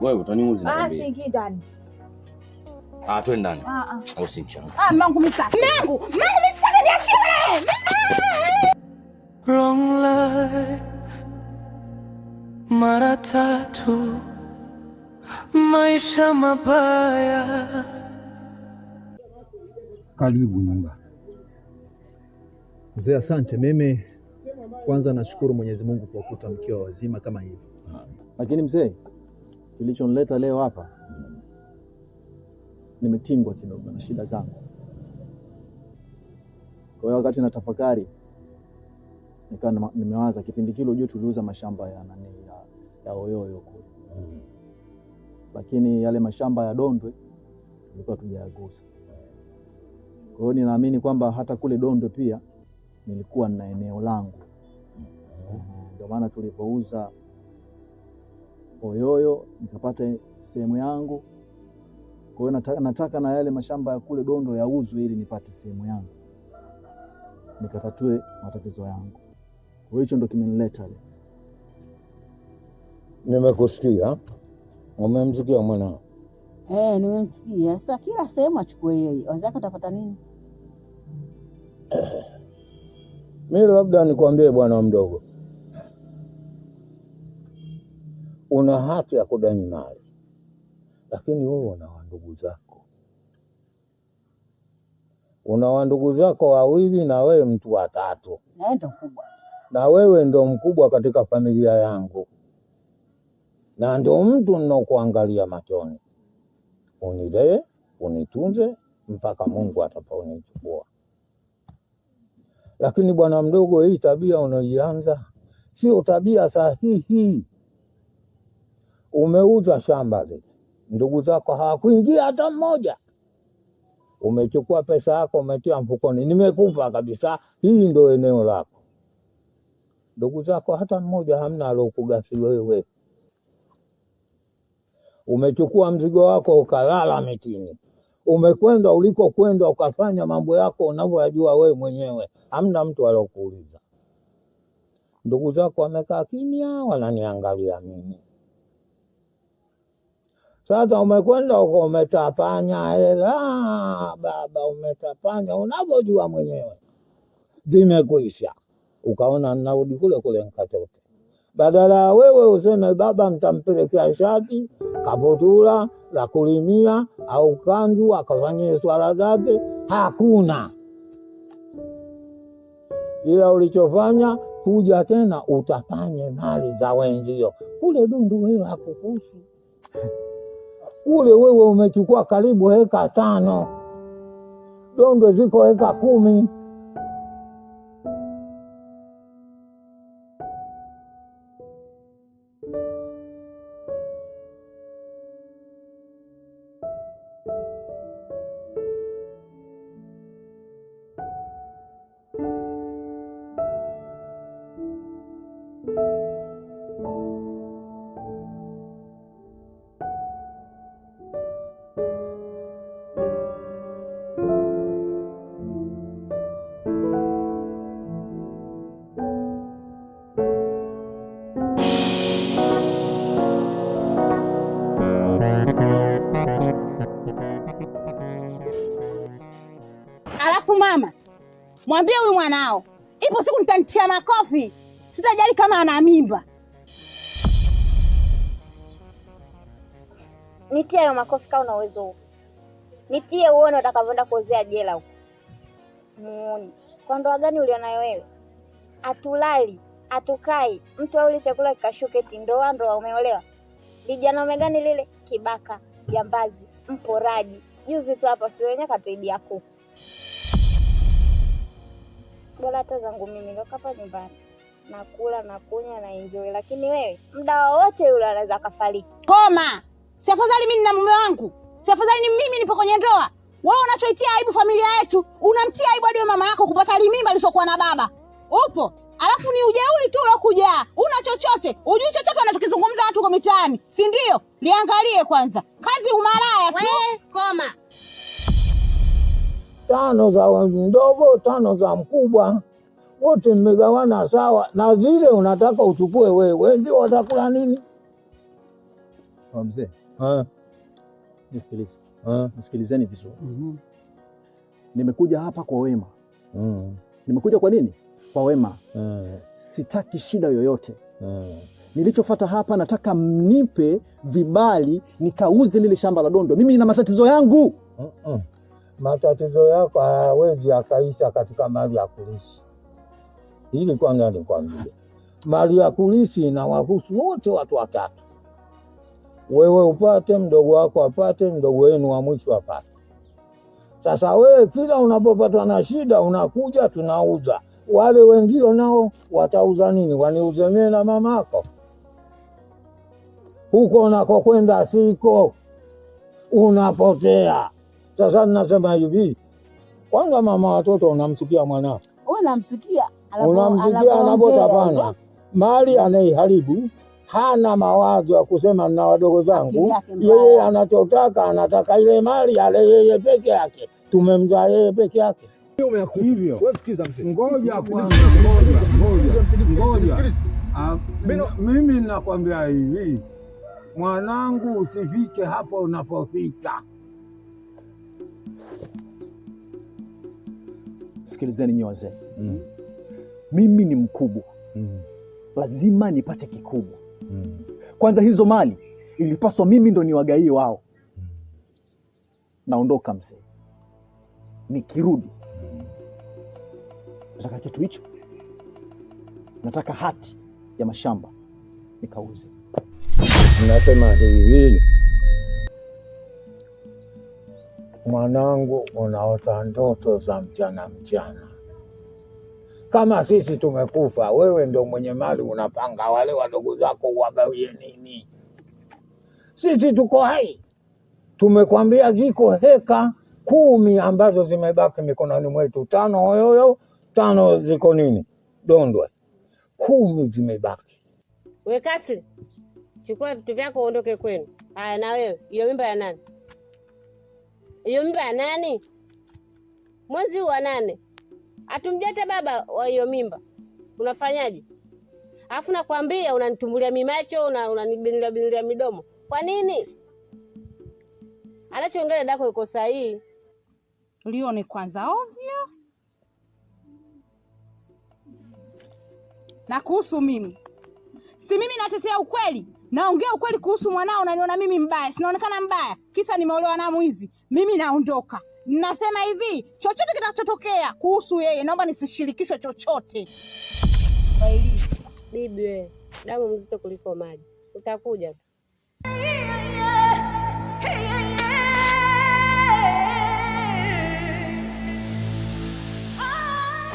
Wewe utaniuzi na ah, mimi. Ah, singi ndani. Ah, twende ndani. Ah ah. Usinichanga. Ah, mangu msaka. Mangu, mangu msaka niachie wewe. Wrong life. Mara tatu. Maisha mabaya. Karibu nyumba. Mzee, asante. Mimi kwanza nashukuru Mwenyezi Mungu kwa kuta mkiwa wazima kama hivi. Lakini mzee kilichonileta leo hapa, nimetingwa kidogo na shida zangu. Kwa hiyo wakati natafakari, nikawa nimewaza kipindi kile, juu tuliuza mashamba ya nani ya, ya oyoyo kule mm. lakini yale mashamba ya Dondwe tulikuwa tujayagusa. Kwa hiyo ninaamini kwamba hata kule Dondwe pia nilikuwa na eneo langu ndio mm. maana tulipouza Oyoyo nikapata sehemu yangu. Kwa hiyo nataka, nataka na yale mashamba ya kule Dondo yauzwe ili nipate sehemu yangu nikatatue matatizo yangu. Kwa hiyo hicho ndo kimenileta leo. Nimekusikia, umemsikia mwanao? Eh, nimemsikia. Sasa kila sehemu achukue yeye, wenzake utapata nini? Mi labda nikwambie bwana mdogo, una haki ya kudai mali, lakini wewe una wandugu zako, una wandugu zako wawili na wewe mtu watatu, na wewe ndo mkubwa katika familia yangu, na ndo mtu ninaokuangalia machoni. Unilee, unitunze mpaka Mungu atakaonichukua. Lakini bwana mdogo, hii tabia unaoianza sio tabia sahihi umeuza shamba hili, ndugu zako hawakuingia hata mmoja, umechukua pesa yako umetia mfukoni, nimekufa kabisa, hii ndio eneo lako. Ndugu zako hata mmoja hamna aliokugasi wewe, umechukua mzigo wako ukalala mitini umekwenda ulikokwenda ukafanya mambo yako unavyoyajua wewe mwenyewe, hamna mtu alokuuliza. Ndugu zako wamekaa kimya, wananiangalia mimi. Sasa umekwenda huko umetapanya, hela ah, baba, umetapanya unavyojua mwenyewe, zimekwisha. Ukaona narudi kule kule nkatoke, badala wewe useme baba, ntampelekea shati kaputula la kulimia au kanzu akafanyie swala zake, hakuna ila ulichofanya kuja tena utapanye mali za wenzio kule Dundu, wewe hakukuhusu kule wewe umechukua karibu heka tano, donge ziko heka kumi. Mwambie huyu mwanao, ipo siku nitanitia makofi, sitajali kama ana mimba. Nitie hayo makofi kama una uwezo huo, nitie uone utakavyoenda kuozea jela huko. Muone kwa ndoa gani ulionayo wewe, atulali atukai mtu auli chakula kikashuke, eti ndoa ndoa, umeolewa vijana umegani lile kibaka, jambazi, mporaji. Juzi tu hapa si wenyewe katuibia kuku bora hata zangu mimi ndoka hapa nyumbani nakula kunywa na enjoy, lakini wewe muda wowote yule anaweza akafariki. Koma, si afadhali mimi na mume wangu? Si afadhali ni mimi nipo kwenye ndoa? Wewe unachoitia aibu familia yetu, unamtia aibu hadi mama yako kupata limimba lisokuwa na baba upo Alafu ni ujeuri tu ulokujaa, una chochote ujui chochote wanachokizungumza watu kwa mitaani, si ndio? Liangalie kwanza, kazi umalaya tu. Koma tano za mdogo, tano za mkubwa, wote mmegawana sawa, na zile unataka uchukue wewe, ndio watakula nini? Mzee, nisikilizeni vizuri. mm -hmm. Nimekuja hapa kwa wema. mm. Nimekuja kwa nini? Kwa wema. mm. Sitaki shida yoyote. mm. Nilichofata hapa nataka mnipe vibali nikauze lile shamba la Dondo. Mimi nina matatizo yangu. mm -hmm matatizo yako hayawezi yakaisha katika mali ya kulishi. Ili kwanza nikwambie, mali ya na inawahusu wote watu watatu, wewe upate, mdogo wako apate, mdogo wenu wa mwisho apate. Sasa wewe kila unapopatwa na shida unakuja tunauza, wale wengio nao watauza nini? Waniuze mie na mamako? Huko unakokwenda siko, unapotea sasa nasema hivi, kwanza mama watoto unamsikia mwanao, unamsikia unamsikia anapotapana mali anaiharibu, hana mawazo ya kusema na wadogo zangu. Yeye anachotaka anataka ile mali ale yeye peke yake, tumemzaa yeye peke yake. Hivyo ngoja ngoja mimi nakwambia hivi, mwanangu, usifike hapo unapofika. Sikilizeni nyinyi wazee mm. Mimi ni mkubwa mm. Lazima nipate kikubwa mm. Kwanza hizo mali ilipaswa mimi ndo niwagaie wao mm. Naondoka mzee, nikirudi mm. Nataka kitu hicho, nataka hati ya mashamba nikauze. nasema hivi mwanangu, unaota ndoto za mchana mchana. Kama sisi tumekufa, wewe ndo mwenye mali, unapanga wale wadogo zako uwagawie nini? Sisi tuko hai, tumekwambia ziko heka kumi ambazo zimebaki mikononi mwetu, tano oyoyo, tano ziko nini Dondwe, kumi zimebaki. We Kasri, chukua vitu vyako uondoke kwenu. Haya, na wewe hiyo mimba ya nani? hiyo mimba ya nani? Mwezi huu wa nane hatumjata baba wa hiyo mimba, unafanyaje? Alafu nakwambia unanitumbulia mimacho, unanibinulia binulia midomo kwa nini? Anachoongea dadako yuko sahihi. Lione kwanza ovyo. Na kuhusu mimi, si mimi natetea ukweli, naongea ukweli kuhusu mwanao. Unaniona mimi mbaya, sinaonekana mbaya? kisa nimeolewa na mwizi, mimi naondoka. Nasema hivi, chochote kinachotokea kuhusu yeye naomba nisishirikishwe chochote. Bibi wewe, damu mzito kuliko maji, utakuja tu.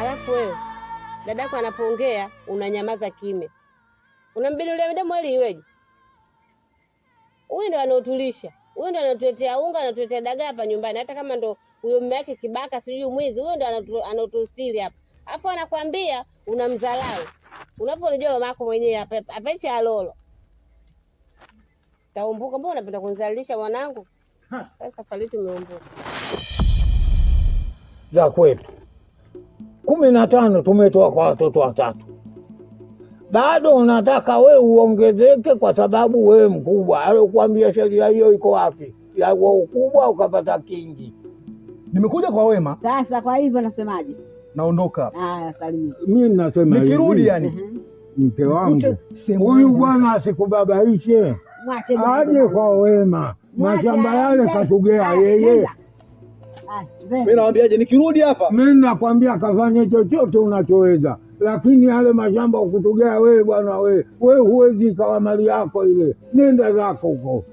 Alafu wewe dadako anapoongea unanyamaza kimya, unambili ule demu ili iweje? Huyu ndo anaotulisha huyo ndo anatuletea unga, anatuletea dagaa hapa nyumbani, hata kama ndo huyo mume wake kibaka, sijui mwizi, huyo ndo anatustiri hapa, afu anakwambia unamdhalau. unavyojua mama yako mwenyewe hapa apeche alolo taumbuka. Mbona unapenda kunzalisha mwanangu? Sasa safari tumeumbuka za kwetu kumi na tano tumetoa kwa watoto watatu bado unataka we uongezeke, kwa sababu wewe mkubwa. Alokuambia sheria hiyo iko wapi? ya ukubwa ukapata kingi. Nimekuja kwa wema sasa, kwa hivyo nasemaje? Naondoka ah, mimi, nasema nikirudi, yani mke wangu huyu bwana asikubabaishe, aje kwa wema. Mashamba yale katugea yeye. Ah, mimi nawambiaje nikirudi hapa mimi nakwambia, kafanye chochote unachoweza lakini yale mashamba ukutugea wewe bwana, wewe wewe huwezi ikawa mali yako ile, nenda zako huko.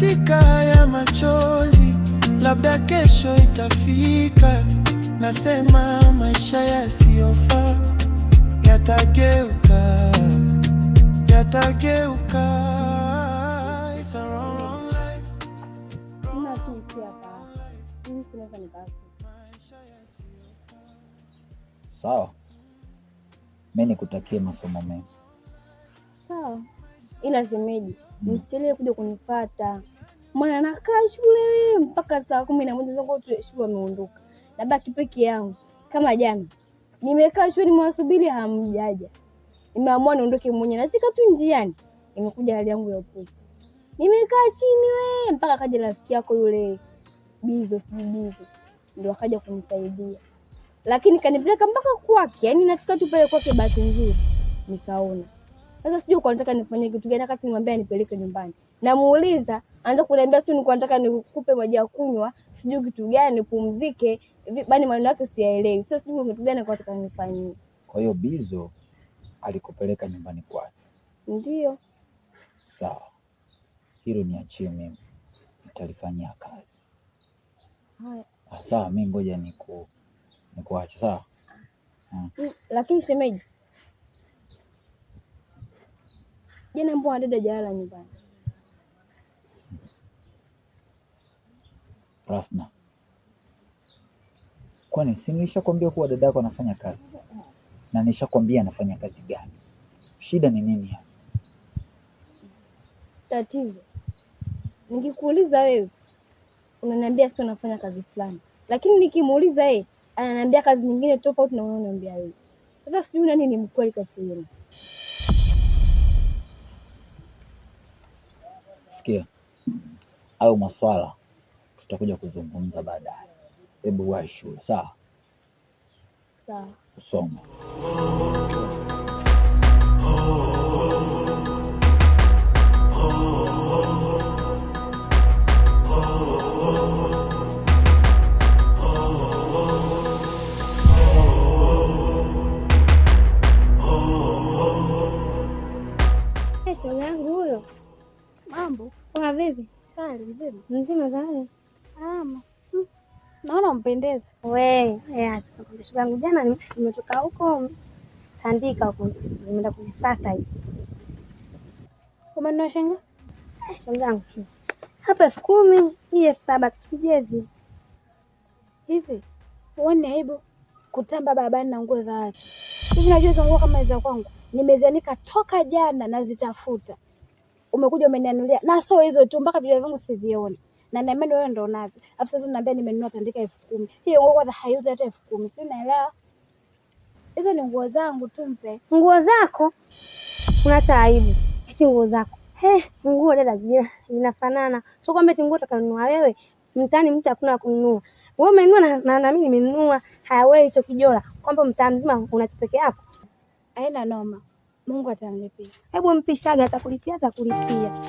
katika ya machozi, labda kesho itafika. Nasema maisha yasiyofaa yatageuka, yatageuka. Sawa, mi nikutakie masomo mema. Sawa, ila shemeji mistari mm. kuja kunipata. Mwana anakaa shule mpaka saa kumi na moja zangu wote shule ameondoka, nabaki peke yangu kama jana. Nimekaa shule nimewasubiri, hamjaja. Nimeamua niondoke mwenye. nafika tu njiani nimekuja hali yangu ya upofu, Nimekaa chini we, mpaka kaja rafiki yako yule Bizo, sijui Bizo ndo akaja kunisaidia, lakini kanipeleka mpaka kwake. Yani nafika tu pale kwake, bahati nzuri nikaona sasa sijui uko nataka nifanye kitu gani, wakati nimwambia nipeleke nyumbani, namuuliza anza kuniambia sijui nilikuwa nataka nikupe maji ya kunywa, sijui kitu gani, nipumzike. Bani maneno yake siyaelewi. Sasa sijui kitu gani kwa nataka nifanye. Kwa hiyo Bizo alikupeleka nyumbani kwake? Ndio. Sawa, hilo niachie mimi, nitalifanyia kazi. Haya, ah, sawa, mimi ngoja niku nikuache. Sawa, lakini shemeji Jana mbona dada jalala nyumbani? Rasna, kwani si nilishakwambia kuwa dadako anafanya kazi na nishakwambia anafanya kazi gani? Shida ni nini hapa? Tatizo nikikuuliza wewe unaniambia si anafanya kazi fulani, lakini nikimuuliza yeye ananiambia kazi nyingine tofauti na unaniambia wewe. Sasa sijui nani ni mkweli kati yenu. kusikia Hayo maswala tutakuja kuzungumza baadaye. Hebu wahi shule, sawa sawa, usoma mzima zae. Ama. Naona umpendeza. We, ya, eh, shoga yangu jana nimetoka huko Tandika huko nimeenda kuzipata hivi. Umenunua shinga? Eh, shoga yangu. Hapa elfu kumi, hii elfu saba kijezi. Hivi, uone aibu kutamba babani na nguo za watu. Hivi najua hizo kama za kwangu. Nimezianika toka jana nazitafuta umekuja umenianulia, na sio hizo tu, mpaka vile vyangu sivioni na na imani wewe ndio unavyo. Afu sasa unaniambia nimenunua tandika elfu kumi hiyo nguo kwanza haiuzi hata elfu kumi sio? Naelewa hizo ni nguo zangu, tumpe nguo zako. Unata aibu eti nguo zako? He, nguo dada zinafanana, sio kwamba eti nguo utakanunua wewe mtaani, mtu hakuna kununua. Wewe umenunua na mimi nimenunua. Haya, wewe hicho kijola kwamba mtaa mzima unacho peke yako, haina noma Mungu atamlipia Hebu mpishaga, atakulipia atakulipia.